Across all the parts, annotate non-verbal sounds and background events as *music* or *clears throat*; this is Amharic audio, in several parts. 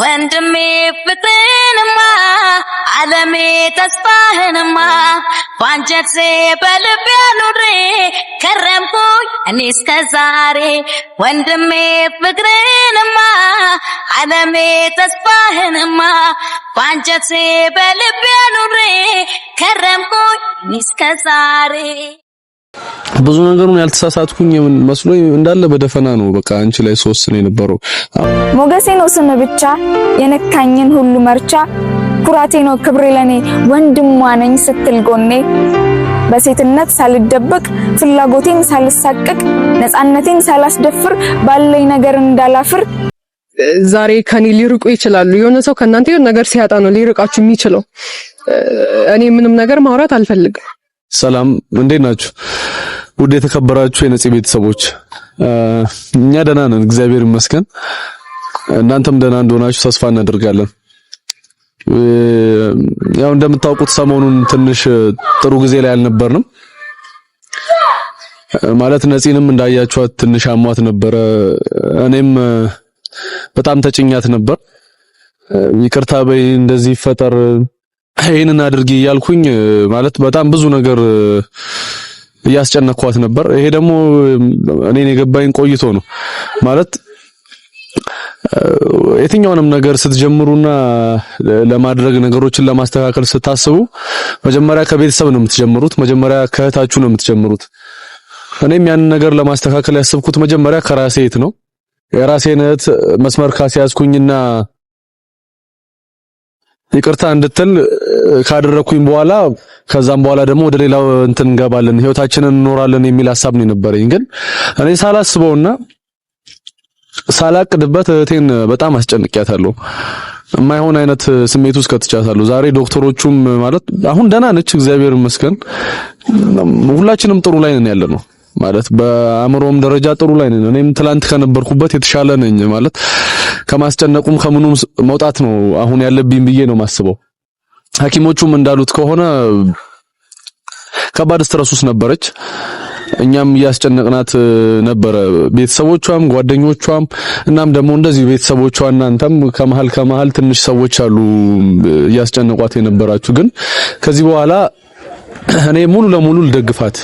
ወንድሜ ፍትህንማ አለሜ ተስፋህንማ ባንጀቴ በልቤ ኑሬ ከረምኩኝ እኔ እስከ ዛሬ ወንድሜ ፍቅርህንማ አለሜ ተስፋህንማ ባንጀቴ በልቤ ኑሬ ከረምኩኝ እኔ እስከ ዛሬ ብዙ ነገሩን ያልተሳሳትኩኝ ምን መስሎኝ እንዳለ በደፈና ነው በቃ አንቺ ላይ ሶስት ነው የነበረው። ሞገሴ ነው ስም ብቻ የነካኝን ሁሉ መርቻ ኩራቴ ነው ክብሬ ለኔ ወንድሟ ነኝ ስትል ጎኔ በሴትነት ሳልደብቅ ፍላጎቴን ሳልሳቅቅ ነፃነቴን ሳላስደፍር ባለኝ ነገር እንዳላፍር። ዛሬ ከኔ ሊርቁ ይችላሉ። የሆነ ሰው ከእናንተ የሆነ ነገር ሲያጣ ነው ሊርቃችሁ የሚችለው። እኔ ምንም ነገር ማውራት አልፈልግም። ሰላም እንዴት ናችሁ? ውድ የተከበራችሁ የነጽ ቤተሰቦች እኛ ደህና ነን፣ እግዚአብሔር ይመስገን። እናንተም ደህና እንደሆናችሁ ተስፋ እናደርጋለን። ያው እንደምታውቁት ሰሞኑን ትንሽ ጥሩ ጊዜ ላይ አልነበርንም። ማለት ነጽንም እንዳያችኋት ትንሽ አሟት ነበረ። እኔም በጣም ተጭኛት ነበር። ይቅርታ በይ እንደዚህ ይፈጠር ይህንን አድርጊ እያልኩኝ ማለት በጣም ብዙ ነገር እያስጨነኳት ነበር። ይሄ ደግሞ እኔን የገባኝ ቆይቶ ነው ማለት የትኛውንም ነገር ስትጀምሩና ለማድረግ ነገሮችን ለማስተካከል ስታስቡ መጀመሪያ ከቤተሰብ ነው የምትጀምሩት። መጀመሪያ ከእህታችሁ ነው የምትጀምሩት። እኔም ያንን ነገር ለማስተካከል ያስብኩት መጀመሪያ ከራሴ እህት ነው። የራሴን እህት መስመር ካስያዝኩኝና ይቅርታ እንድትል ካደረኩኝ በኋላ ከዛም በኋላ ደግሞ ወደ ሌላው እንትን እንገባለን ህይወታችንን እንኖራለን የሚል ሀሳብ ነው የነበረኝ። ግን እኔ ሳላስበውና ሳላቅድበት እህቴን በጣም አስጨንቅያታለሁ። የማይሆን አይነት ስሜት ውስጥ ከትቻታለሁ። ዛሬ ዶክተሮቹም ማለት አሁን ደህና ነች፣ እግዚአብሔር ይመስገን። ሁላችንም ጥሩ ላይ ነን ያለነው። ማለት በአእምሮም ደረጃ ጥሩ ላይ ነኝ። እኔም ትላንት ከነበርኩበት የተሻለ ነኝ ማለት ከማስጨነቁም ከምኑም መውጣት ነው አሁን ያለብኝ ብዬ ነው ማስበው ሐኪሞቹም እንዳሉት ከሆነ ከባድ ስትረስ ውስጥ ነበረች። እኛም እያስጨነቅናት ነበረ፣ ቤተሰቦቿም ጓደኞቿም፣ እናም ደግሞ እንደዚህ ቤተሰቦቿ እናንተም ከመሀል ከመሃል ትንሽ ሰዎች አሉ እያስጨነቋት የነበራችሁ። ግን ከዚህ በኋላ እኔ ሙሉ ለሙሉ ልደግፋት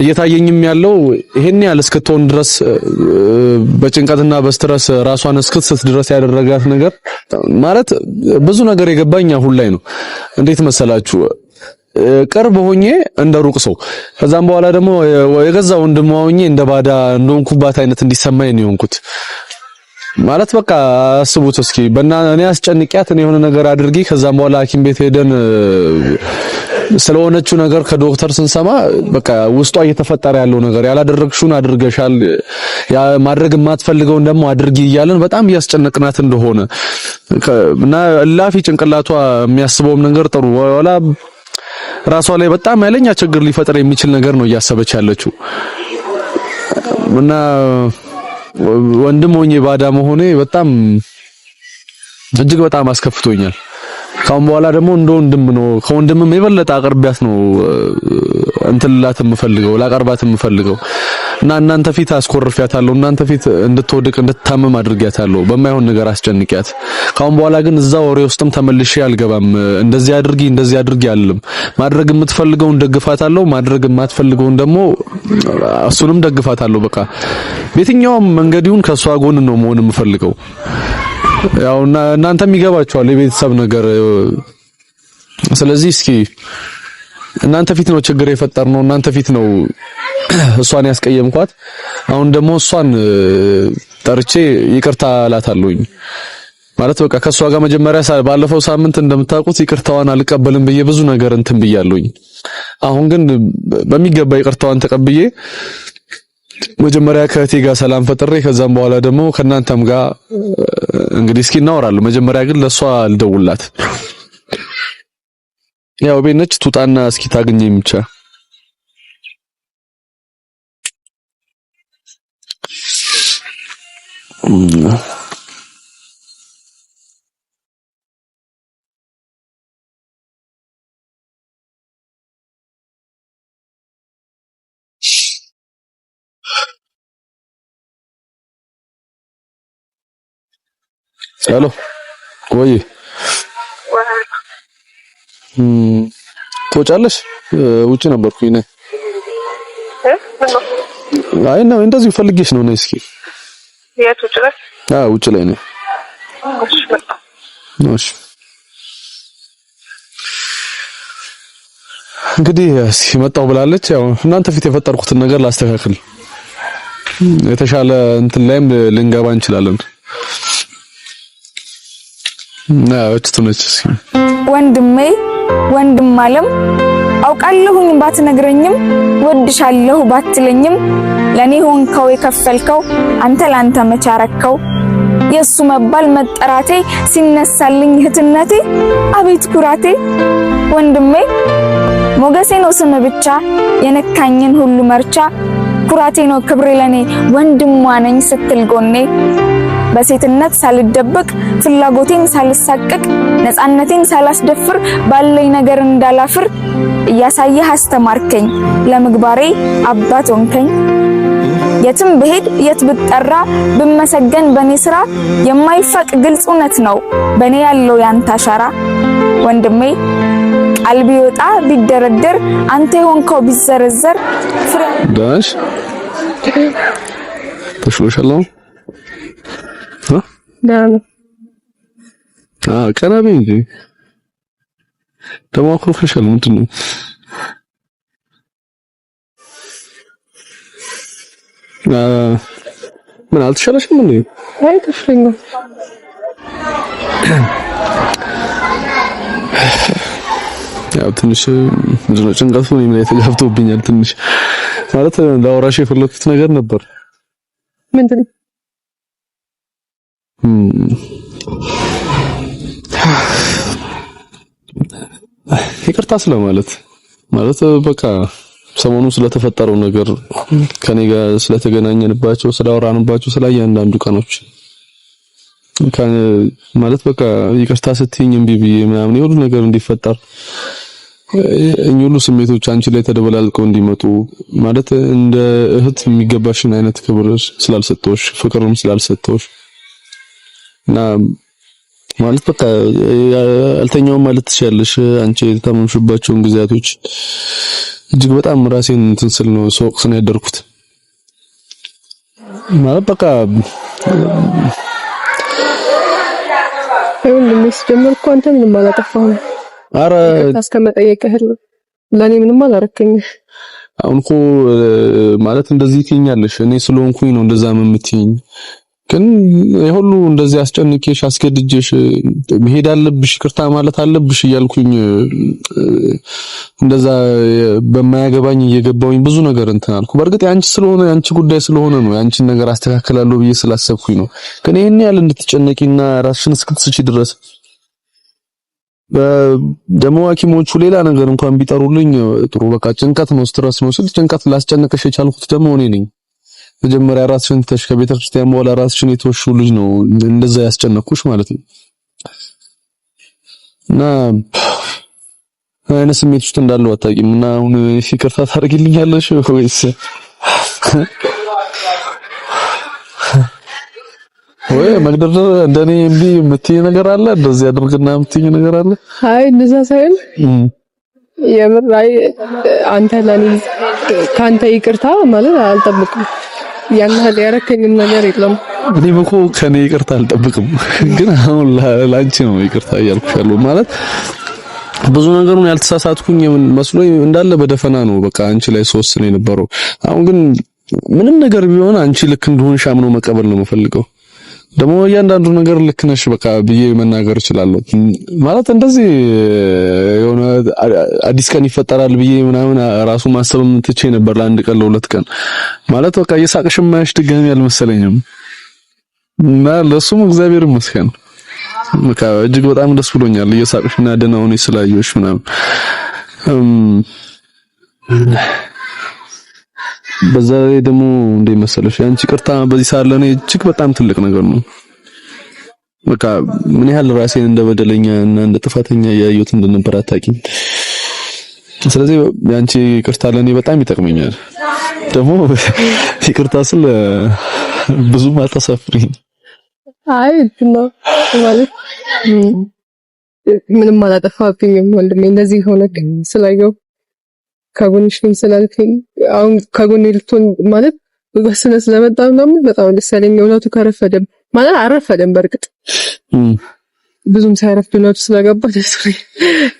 እየታየኝም ያለው ይሄን ያህል እስክትሆን ድረስ በጭንቀትና በስትረስ ራሷን እስክትስት ድረስ ያደረጋት ነገር ማለት ብዙ ነገር የገባኝ አሁን ላይ ነው። እንዴት መሰላችሁ? ቅርብ ሆኜ እንደ ሩቅ ሰው ከዛም በኋላ ደግሞ የገዛ ወንድሟ ሆኜ እንደ ባዳ እንደሆንኩባት አይነት እንዲሰማኝ ነው የሆንኩት። ማለት በቃ አስቡት እስኪ በእና እኔ አስጨንቂያት እኔ የሆነ ነገር አድርጌ ከዛም በኋላ ሐኪም ቤት ሄደን ስለሆነችው ነገር ከዶክተር ስንሰማ በቃ ውስጧ እየተፈጠረ ያለው ነገር ያላደረግሽውን አድርገሻል፣ ማድረግ የማትፈልገውን ደግሞ አድርጊ እያለን በጣም እያስጨነቅናት እንደሆነ እና እላፊ ጭንቅላቷ የሚያስበውም ነገር ጥሩ ወላ ራሷ ላይ በጣም ያለኛ ችግር ሊፈጥር የሚችል ነገር ነው እያሰበች ያለችው እና ወንድም ሆኜ ባዳ መሆኔ በጣም እጅግ በጣም አስከፍቶኛል። ካሁን በኋላ ደግሞ እንደ ወንድም ነው ከወንድምም የበለጠ አቅርቢያት ነው እንትላት የምፈልገው ላቀርባት የምፈልገው እና እናንተ ፊት አስኮርፊያታለሁ። እናንተ ፊት እንድትወድቅ እንድታመም አድርጊያታለሁ። በማይሆን ነገር አስጨንቂያት። ካሁን በኋላ ግን እዛ ወሬ ውስጥም ተመልሼ አልገባም። እንደዚህ አድርጊ እንደዚህ አድርጊ አልልም። ማድረግ የምትፈልገውን ደግፋታለሁ፣ ማድረግ የማትፈልገውን ደግሞ እሱንም ደግፋታለሁ። በቃ በየትኛውም መንገድ ይሁን ከእሷ ጎን ነው መሆን የምፈልገው። ያው እናንተም ይገባችኋል የቤተሰብ ነገር። ስለዚህ እስኪ እናንተ ፊት ነው ችግር የፈጠርነው፣ እናንተ ፊት ነው እሷን ያስቀየምኳት። አሁን ደግሞ እሷን ጠርቼ ይቅርታ እላታለሁኝ ማለት በቃ ከእሷ ጋር መጀመሪያ ባለፈው ሳምንት እንደምታውቁት ይቅርታዋን አልቀበልም ብዬ ብዙ ነገር እንትን ብያለሁኝ። አሁን ግን በሚገባ ይቅርታዋን ተቀብዬ መጀመሪያ ከእህቴ ጋር ሰላም ፈጥሬ ከዛም በኋላ ደግሞ ከእናንተም ጋር እንግዲህ እስኪ እናወራለሁ። መጀመሪያ ግን ለእሷ ልደውላት ያው ቤት ነች፣ ትውጣና እስኪ ታገኘኝ የምቻ ሄሎ ወይ hmm. ትወጫለሽ? ውጭ ነበርኩኝ እኔ። አይ ነው እንደዚህ ፈልጌሽ ነው። ነይ እስኪ። የት ውጭ ላይ? አዎ ውጭ ላይ ነው። እሺ እንግዲህ መጣሁ ብላለች። ያው እናንተ ፊት የፈጠርኩትን ነገር ላስተካክል፣ የተሻለ እንትን ላይም ልንገባ እንችላለን። ወንድሜ ወንድም አለም አውቃለሁኝ ባትነግረኝም ወድሻለሁ ባትለኝም ለኔ ሆንከው የከፈልከው አንተ ላንተ መቻረከው የሱ መባል መጠራቴ ሲነሳልኝ እህትነቴ አቤት ኩራቴ ወንድሜ ሞገሴ ነው ስም ብቻ የነካኝን ሁሉ መርቻ ኩራቴ ነው ክብሬ ለኔ ወንድሟ ነኝ ስትል ጎኔ በሴትነት ሳልደበቅ ፍላጎቴን ሳልሳቀቅ ነፃነቴን ሳላስደፍር ባለኝ ነገር እንዳላፍር እያሳየህ አስተማርከኝ። ለምግባሬ አባት ሆንከኝ። የትም ብሄድ የት ብጠራ ብመሰገን በኔ ስራ የማይፈቅ ግልጽ እውነት ነው በኔ ያለው ያንተ አሻራ ወንድሜ ቃል ቢወጣ ቢደረደር አንተ የሆንከው ቢዘረዘር ፍሬ ዳሽ ተሽሎሻል። ቀና በይ እንጂ ተማኮፈሻል። ምንድን ነው ምን አልተሻለሽም? ምን አይ ተሽለኛል። ያው ትንሽ ምንድነው ጭንቀቱ እኔም ላይ ተጋብቶብኛል። ትንሽ ማለት ላወራሽ የፈለኩት ነገር ነበር ምንድን ነው *sighs* ይቅርታ ስለማለት ማለት በቃ ሰሞኑ ስለተፈጠረው ነገር ከኔ ጋር ስለተገናኘንባቸው ስላወራንባቸው ስለ እያንዳንዱ ቀኖች ማለት በቃ ይቅርታ ስትይኝ እምቢ ብዬ ምናምን የሁሉ ነገር እንዲፈጠር እኚህ ሁሉ ስሜቶች አንቺ ላይ ተደበላልቀው እንዲመጡ ማለት እንደ እህት የሚገባሽን አይነት ክብር ስላልሰጠሁሽ ፍቅርም ስላልሰጠሁሽ እና ማለት በቃ አልተኛውም ማለት ትችያለሽ። አንቺ የታመምሽባቸውን ጊዜያቶች እጅግ በጣም ራሴን እንትን ስል ነው ስወቅስ ነው ያደርኩት። ማለት በቃ ምንም ሲጀምር እኮ አንተ ምንም አላጠፋህም። ኧረ እስከመጠየቅህ ለእኔ ምንም አላረከኝም። አሁን እኮ ማለት እንደዚህ ትይኛለሽ፣ እኔ ስለሆንኩኝ ነው እንደዛ የምትይኝ ግን የሁሉ እንደዚህ አስጨንቄሽ አስገድጄሽ መሄድ አለብሽ ይቅርታ ማለት አለብሽ እያልኩኝ እንደዛ በማያገባኝ እየገባውኝ ብዙ ነገር እንትን አልኩ። በእርግጥ ያንቺ ስለሆነ ያንቺ ጉዳይ ስለሆነ ነው ያንቺን ነገር አስተካክላለሁ ብዬ ስላሰብኩኝ ነው። ግን ይህን ያህል እንድትጨነቂና ራስሽን እስክትስቺ ድረስ ደግሞ ሐኪሞቹ ሌላ ነገር እንኳን ቢጠሩልኝ ጥሩ በቃ ጭንቀት ነው፣ ስትረስ ነው ስል ጭንቀት ላስጨነቀሽ የቻልኩት ደግሞ እኔ ነኝ። መጀመሪያ ራስሽን ተሽ ከቤተ ክርስቲያን በኋላ ራስሽን የተወሹ ልጅ ነው እንደዛ ያስጨነኩሽ ማለት ነው። እና አይነት ስሜት ውስጥ እንዳለው አታውቂም። እና አሁን ይቅርታ ታደርጊልኛለሽ ወይስ ወይ መግደርደር እንደኔ እምቢ የምትይ ነገር አለ? እንደዚህ አድርግና የምትይ ነገር አለ? አይ እንደዛ ሳይል የምር አይ አንተ ለኔ ካንተ ይቅርታ ማለት አልጠብቅም። ያን ያህል ያረከኝ ነገር የለም። እኔም እኮ ከኔ ይቅርታ አልጠብቅም፣ ግን አሁን ላንቺ ነው ይቅርታ እያልኩሽ ያለው ማለት ብዙ ነገሩን ያልተሳሳትኩኝ ምን መስሎኝ እንዳለ በደፈና ነው በቃ አንቺ ላይ ሶስት ነው የነበረው። አሁን ግን ምንም ነገር ቢሆን አንቺ ልክ እንደሆንሽ አምኖ መቀበል ነው የምፈልገው። ደግሞ እያንዳንዱ ነገር ልክ ነሽ በቃ ብዬ መናገር እችላለሁ። ማለት እንደዚህ የሆነ አዲስ ቀን ይፈጠራል ብዬ ምናምን ራሱ ማሰብም ትቼ ነበር ለአንድ ቀን ለሁለት ቀን ማለት በቃ እየሳቅሽ ማያሽ ድጋሚ አልመሰለኝም። እና ለሱም እግዚአብሔር ይመስገን በቃ እጅግ በጣም ደስ ብሎኛል እየሳቅሽና እና ደህና ሆነሽ ስላየሁሽ ምናምን በዛ ላይ ደግሞ እንደ መሰለሽ ያንቺ ቅርታ በዚህ ሰዓት ለኔ እጅግ በጣም ትልቅ ነገር ነው። በቃ ምን ያህል ራሴን እንደ በደለኛ እና እንደ ጥፋተኛ እያየሁት እንደነበር አታውቂም። ስለዚህ ያንቺ ቅርታ ለኔ በጣም ይጠቅመኛል። ደግሞ *laughs* ይቅርታ ስል ብዙም አታሳፍሪኝ። አይ ነው ማለት ምንም አላጠፋብኝም ወንድሜ እንደዚህ ሆነ ስላየው ከጎንሽ ነኝ ስላልከኝ አሁን ከጎኔ ልትሆን ማለት በስነ ስለመጣም ምናምን በጣም ደስ ያለኝ እውነቱ ከረፈደም ማለት አረፈደም በእርግጥ ብዙም ሳይረፍ እውነቱ ስለገባ ደስ ብሎኝ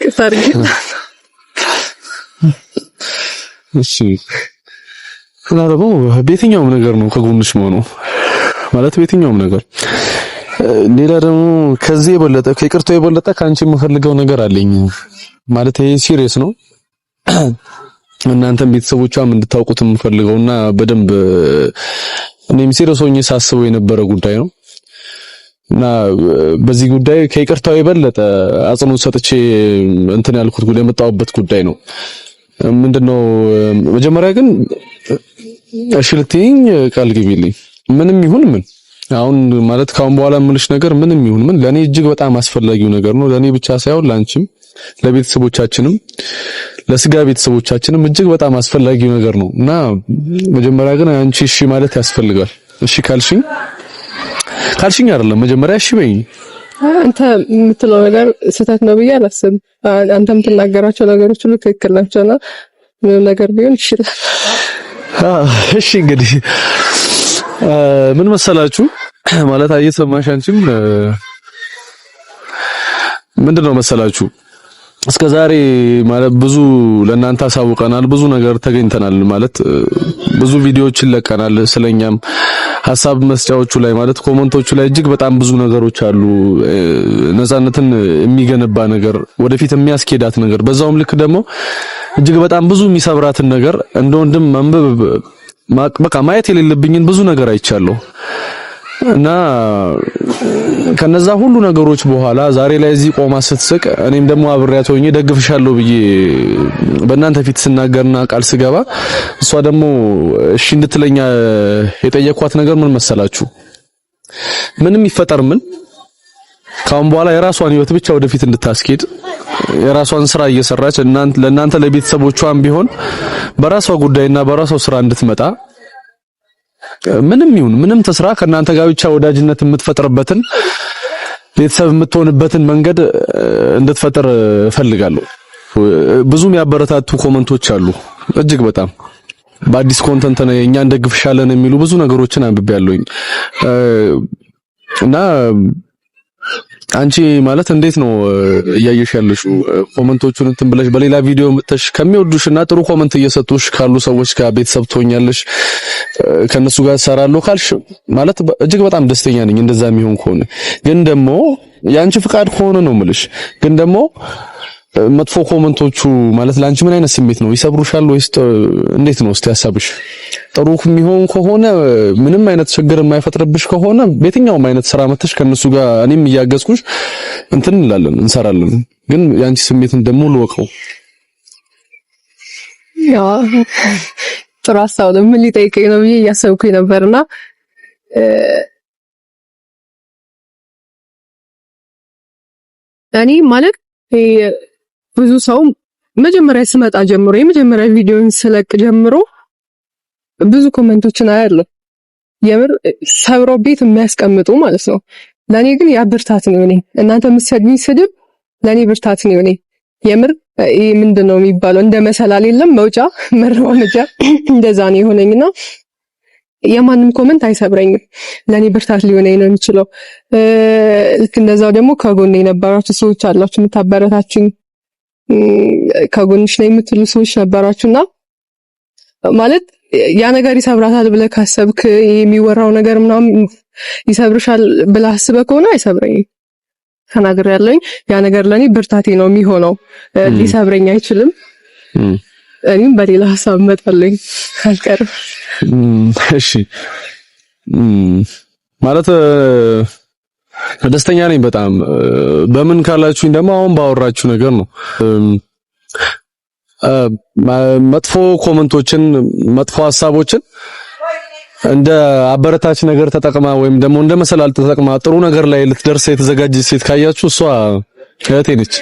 ቅርታ አድርጌልሃለሁ። እሺ እና ደግሞ በየትኛውም ነገር ነው ከጎንሽ መሆኑ ማለት በየትኛውም ነገር። ሌላ ደግሞ ከዚህ የበለጠ ከይቅርታ የበለጠ ከአንቺ የምፈልገው ነገር አለኝ ማለት ይሄ ሲሪየስ ነው። እናንተም ቤተሰቦቿም እንድታውቁት የምፈልገውና በደንብ እኔም ሲሪየስ ሳስበው የነበረ ጉዳይ ነው እና በዚህ ጉዳይ ከይቅርታው የበለጠ አጽንኦት ሰጥቼ እንትን ያልኩት ጉዳይ የመጣሁበት ጉዳይ ነው። ምንድነው መጀመሪያ ግን እሺ ልትይኝ ቃል ግቢልኝ። ምንም ይሁን ምን አሁን ማለት ካሁን በኋላ የምልሽ ነገር ምንም ይሁን ምን ለኔ እጅግ በጣም አስፈላጊው ነገር ነው። ለኔ ብቻ ሳይሆን ለአንቺም፣ ለቤተሰቦቻችንም ለስጋ ቤተሰቦቻችንም እጅግ በጣም አስፈላጊ ነገር ነው እና መጀመሪያ ግን አንቺ እሺ ማለት ያስፈልጋል። እሺ ካልሽኝ ካልሽኝ አይደለም መጀመሪያ እሺ በይኝ። አንተ የምትለው ነገር ስህተት ነው ብዬ አላስብም። አንተ የምትናገራቸው ነገሮች ሁሉ ትክክል ምንም ነገር ቢሆን ይችላል። እሺ እንግዲህ ምን መሰላችሁ ማለት እየሰማሽ አንቺም ምንድን ነው መሰላችሁ እስከ ዛሬ ማለት ብዙ ለእናንተ አሳውቀናል። ብዙ ነገር ተገኝተናል ማለት ብዙ ቪዲዮዎችን ለቀናል። ስለኛም ሀሳብ መስጫዎቹ ላይ ማለት ኮመንቶቹ ላይ እጅግ በጣም ብዙ ነገሮች አሉ። ነጻነትን የሚገነባ ነገር፣ ወደፊት የሚያስኬዳት ነገር፣ በዛውም ልክ ደግሞ እጅግ በጣም ብዙ የሚሰብራትን ነገር እንደ ወንድም መንበብ በቃ ማየት የሌለብኝን ብዙ ነገር አይቻለሁ። እና ከነዛ ሁሉ ነገሮች በኋላ ዛሬ ላይ እዚህ ቆማ ስትስቅ እኔም ደግሞ አብሬያት ሆኜ ደግፍሻለሁ ብዬ በእናንተ ፊት ስናገርና ቃል ስገባ እሷ ደግሞ እሺ እንድትለኛ የጠየኳት ነገር ምን መሰላችሁ? ምንም ይፈጠር ምን ካሁን በኋላ የራሷን ህይወት ብቻ ወደፊት እንድታስኬድ የራሷን ስራ እየሰራች እናንተ ለእናንተ ለቤተሰቦቿም ቢሆን በራሷ ጉዳይና በራሷ ስራ እንድትመጣ ምንም ይሁን ምንም ትስራ ከእናንተ ጋር ብቻ ወዳጅነት የምትፈጥርበትን ቤተሰብ የምትሆንበትን መንገድ እንድትፈጥር እፈልጋለሁ። ብዙም ያበረታቱ ኮመንቶች አሉ። እጅግ በጣም በአዲስ ኮንተንት ነው እኛ እንደግፍሻለን የሚሉ ብዙ ነገሮችን አንብቤያለሁኝ እና አንቺ ማለት እንዴት ነው እያየሽ ያለሽ ኮመንቶቹን እንትን ብለሽ በሌላ ቪዲዮ መጥተሽ ከሚወዱሽ እና ጥሩ ኮመንት እየሰጡሽ ካሉ ሰዎች ጋር ቤተሰብ ትሆኛለሽ፣ ከነሱ ጋር ሰራለሁ ካልሽ ማለት እጅግ በጣም ደስተኛ ነኝ። እንደዛ የሚሆን ከሆነ ግን ደግሞ የአንቺ ፍቃድ ከሆነ ነው ምልሽ ግን ደግሞ መጥፎ ኮመንቶቹ ማለት ለአንቺ ምን አይነት ስሜት ነው? ይሰብሩሻል ወይስ እንዴት ነው? እስቲ ሀሳብሽ። ጥሩ የሚሆን ከሆነ ምንም አይነት ችግር የማይፈጥርብሽ ከሆነ በየትኛውም አይነት ስራ መተሽ ከነሱ ጋር እኔም እያገዝኩሽ እንትን እንላለን እንሰራለን። ግን የአንቺ ስሜትን ደግሞ ልወቀው። ያ ጥሩ ሀሳብ ነው። ምን ሊጠይቀኝ ነው ብዬ እያሰብኩኝ ነበርና እኔ ማለት ብዙ ሰው መጀመሪያ ስመጣ ጀምሮ የመጀመሪያ ቪዲዮን ስለቅ ጀምሮ ብዙ ኮመንቶችን አያለሁ። የምር ሰብሮ ቤት የሚያስቀምጡ ማለት ነው። ለእኔ ግን ያ ብርታት ነው። እኔ እናንተ የምትሰድቡኝ ስድብ ለእኔ ብርታት ነው። እኔ የምር ይህ ምንድን ነው የሚባለው? እንደ መሰላል የለም መውጫ *laughs* መረዋመጃ *clears throat* እንደዛ ነው የሆነኝና የማንም ኮመንት አይሰብረኝም። ለእኔ ብርታት ሊሆነኝ ነው የሚችለው። ልክ እንደዛው ደግሞ ከጎን የነበራችሁ ሰዎች አላችሁ የምታበረታችኝ ከጎንሽ ነው የምትሉ ሰዎች ነበራችሁና ማለት ያ ነገር ይሰብራታል ብለህ ካሰብክ የሚወራው ነገር ምናምን ይሰብርሻል ብለህ አስበህ ከሆነ አይሰብረኝም። ተናግር ያለኝ ያ ነገር ለኔ ብርታቴ ነው የሚሆነው። ሊሰብረኝ አይችልም። እኔም በሌላ ሀሳብ መጣለኝ አልቀርም። እሺ ማለት ደስተኛ ነኝ በጣም በምን ካላችሁኝ ደግሞ አሁን ባወራችሁ ነገር ነው። መጥፎ ኮመንቶችን፣ መጥፎ ሀሳቦችን እንደ አበረታች ነገር ተጠቅማ ወይም ደግሞ እንደ መሰላል ተጠቅማ ጥሩ ነገር ላይ ልትደርስ የተዘጋጀች ሴት ካያችሁ እሷ እህቴ ነች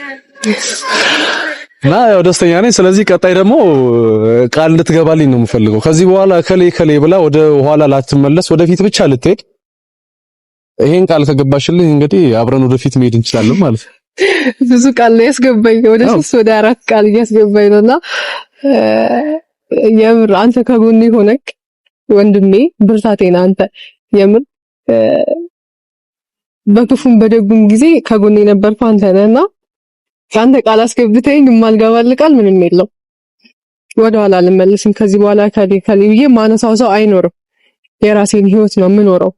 እና ያው ደስተኛ ነኝ። ስለዚህ ቀጣይ ደግሞ ቃል እንድትገባልኝ ነው የምፈልገው። ከዚህ በኋላ ከሌ ከሌ ብላ ወደ ኋላ ላትመለስ ወደፊት ብቻ ልትሄድ ይሄን ቃል ከገባሽልኝ እንግዲህ አብረን ወደፊት መሄድ እንችላለን ማለት ነው። ብዙ ቃል ነው ያስገባኝ፣ ወደ ሶስት ወደ አራት ቃል እያስገባኝ ነውና የምር አንተ ከጎን ሆነክ ወንድሜ ብርታቴና አንተ የምር በክፉም በደጉም ጊዜ ከጎን የነበርኩ አንተ ነህና ከአንተ ቃል አስገብተኝ የማልገባል ቃል ምንም የለው። ወደኋላ አልመለስም። ከዚህ በኋላ ከሌ ከሌ ብዬ ማነሳው ሰው አይኖርም። የራሴን ህይወት ነው የምኖረው።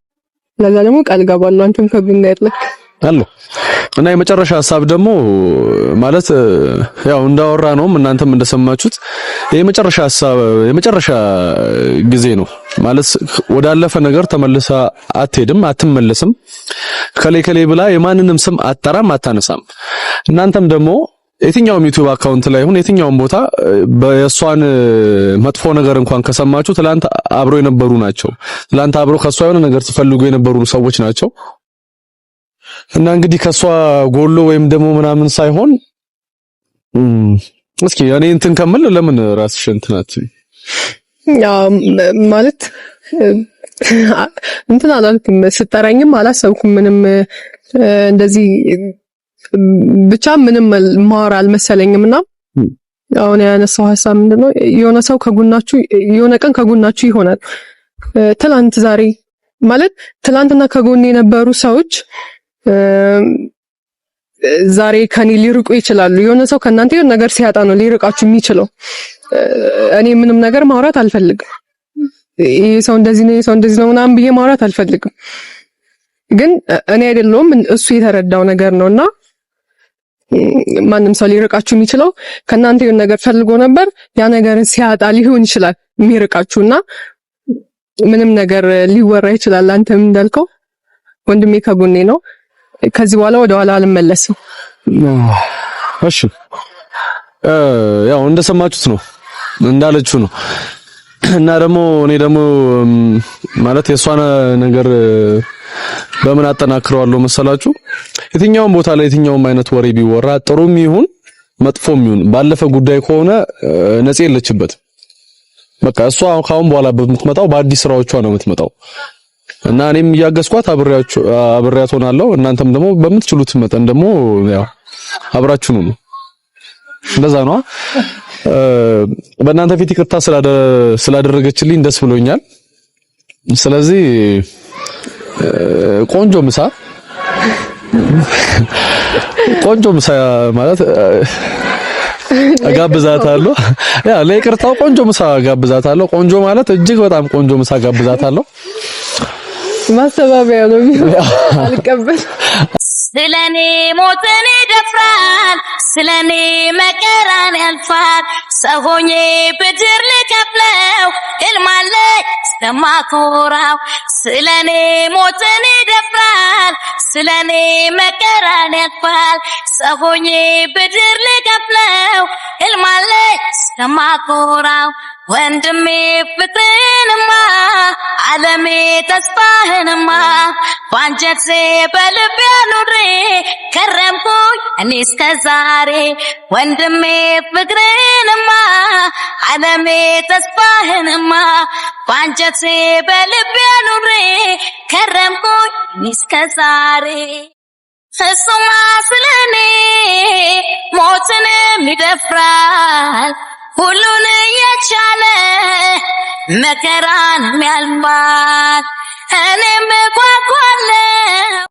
ለዛ ደግሞ ቃል ገባለሁ አንተም ከጎን ያለህ አለ እና የመጨረሻ ሀሳብ ደግሞ ማለት ያው እንዳወራ ነውም እናንተም እንደሰማችሁት የመጨረሻ ሀሳብ የመጨረሻ ጊዜ ነው ማለት ወዳለፈ ነገር ተመልሳ አትሄድም፣ አትመለስም። ከሌ ከሌ ብላ የማንንም ስም አጠራም አታነሳም። እናንተም ደግሞ የትኛውም ዩቲዩብ አካውንት ላይ ሁን የትኛውም ቦታ የእሷን መጥፎ ነገር እንኳን ከሰማችሁ ትላንት አብሮ የነበሩ ናቸው። ትላንት አብሮ ከእሷ የሆነ ነገር ሲፈልጉ የነበሩ ሰዎች ናቸው እና እንግዲህ ከእሷ ጎሎ ወይም ደግሞ ምናምን ሳይሆን እስኪ እኔ እንትን ከምል ለምን ራስሽ እንትናት ማለት እንትን አላልኩም፣ ስጠራኝም አላሰብኩም ምንም እንደዚህ ብቻ ምንም ማር አልመሰለኝም እና አሁን ያነሳው ሀሳብ ምንድነው የሆነ ሰው ከጎናችሁ የሆነ ቀን ከጎናችሁ ይሆናል። ትላንት ዛሬ ማለት ትላንትና ከጎን የነበሩ ሰዎች ዛሬ ከኔ ሊርቁ ይችላሉ። የሆነ ሰው ከእናንተ የሆነ ነገር ሲያጣ ነው ሊርቃችሁ የሚችለው። እኔ ምንም ነገር ማውራት አልፈልግም። ይሄ ሰው እንደዚህ ነው፣ ይሄ ሰው እንደዚህ ነው ምናምን ብዬ ማውራት አልፈልግም። ግን እኔ አይደለሁም እሱ የተረዳው ነገር ነውና ማንም ሰው ሊርቃችሁ የሚችለው ከእናንተ የሆነ ነገር ፈልጎ ነበር፣ ያ ነገርን ሲያጣ ሊሆን ይችላል እና ምንም ነገር ሊወራ ይችላል። አንተም እንዳልከው ወንድሜ ከጎኔ ነው። ከዚህ በኋላ ወደ ኋላ አልመለስም። እሺ፣ ያው እንደሰማችሁት ነው እንዳለችው ነው። እና ደግሞ እኔ ደግሞ ማለት የእሷን ነገር በምን አጠናክረዋለሁ መሰላችሁ? የትኛውም ቦታ ላይ የትኛውም አይነት ወሬ ቢወራ ጥሩም ይሁን መጥፎም ይሁን ባለፈ ጉዳይ ከሆነ ነጽ የለችበት። በቃ እሷ ካሁን በኋላ በምትመጣው በአዲስ ስራዎቿ ነው የምትመጣው እና እኔም እያገዝኳት አብሬያችሁ አብሬያት ሆናለሁ። እናንተም ደግሞ በምትችሉት መጠን ደግሞ ያው አብራችሁ ነው። እንደዛ ነው። በእናንተ ፊት ይቅርታ ስላደረገችልኝ ደስ ብሎኛል። ስለዚህ ቆንጆ ምሳ ቆንጆ ምሳ ማለት ጋብዛታለሁ። ያ ለይቅርታው ቆንጆ ምሳ ጋብዛታለሁ። ቆንጆ ማለት እጅግ በጣም ቆንጆ ምሳ ጋብዛታለሁ። ማስተባበያ ነው። አልቀበል ስለኔ ሞትን ይደፍራል፣ ስለኔ መከራን ያልፋል። ሰው ሆኜ ብድር ልከፍለው እልማለኝ ስለማኮራው። ስለኔ ሞትን ይደፍራል፣ ስለኔ መከራን ያልፋል። ሰው ሆኜ ብድር ልከፍለው እልማለኝ ስለማኮራው ወንድሜ ፍትንማ አለሜ ተስፋህንማ ባንጀት በልቤ ኑሬ ከረምኩኝ እኔ እስከ ዛሬ ወንድሜ ፍቅርህንማ አለሜ ተስፋህንማ ባንጀት በልቤ ኑሬ ከረምኩኝ እኔ እስከ ዛሬ እሱማ ስለኔ ሞትን ይደፍራል ሁሉን የቻለ መከራን ሚያልባት እኔም እጓጓለሁ።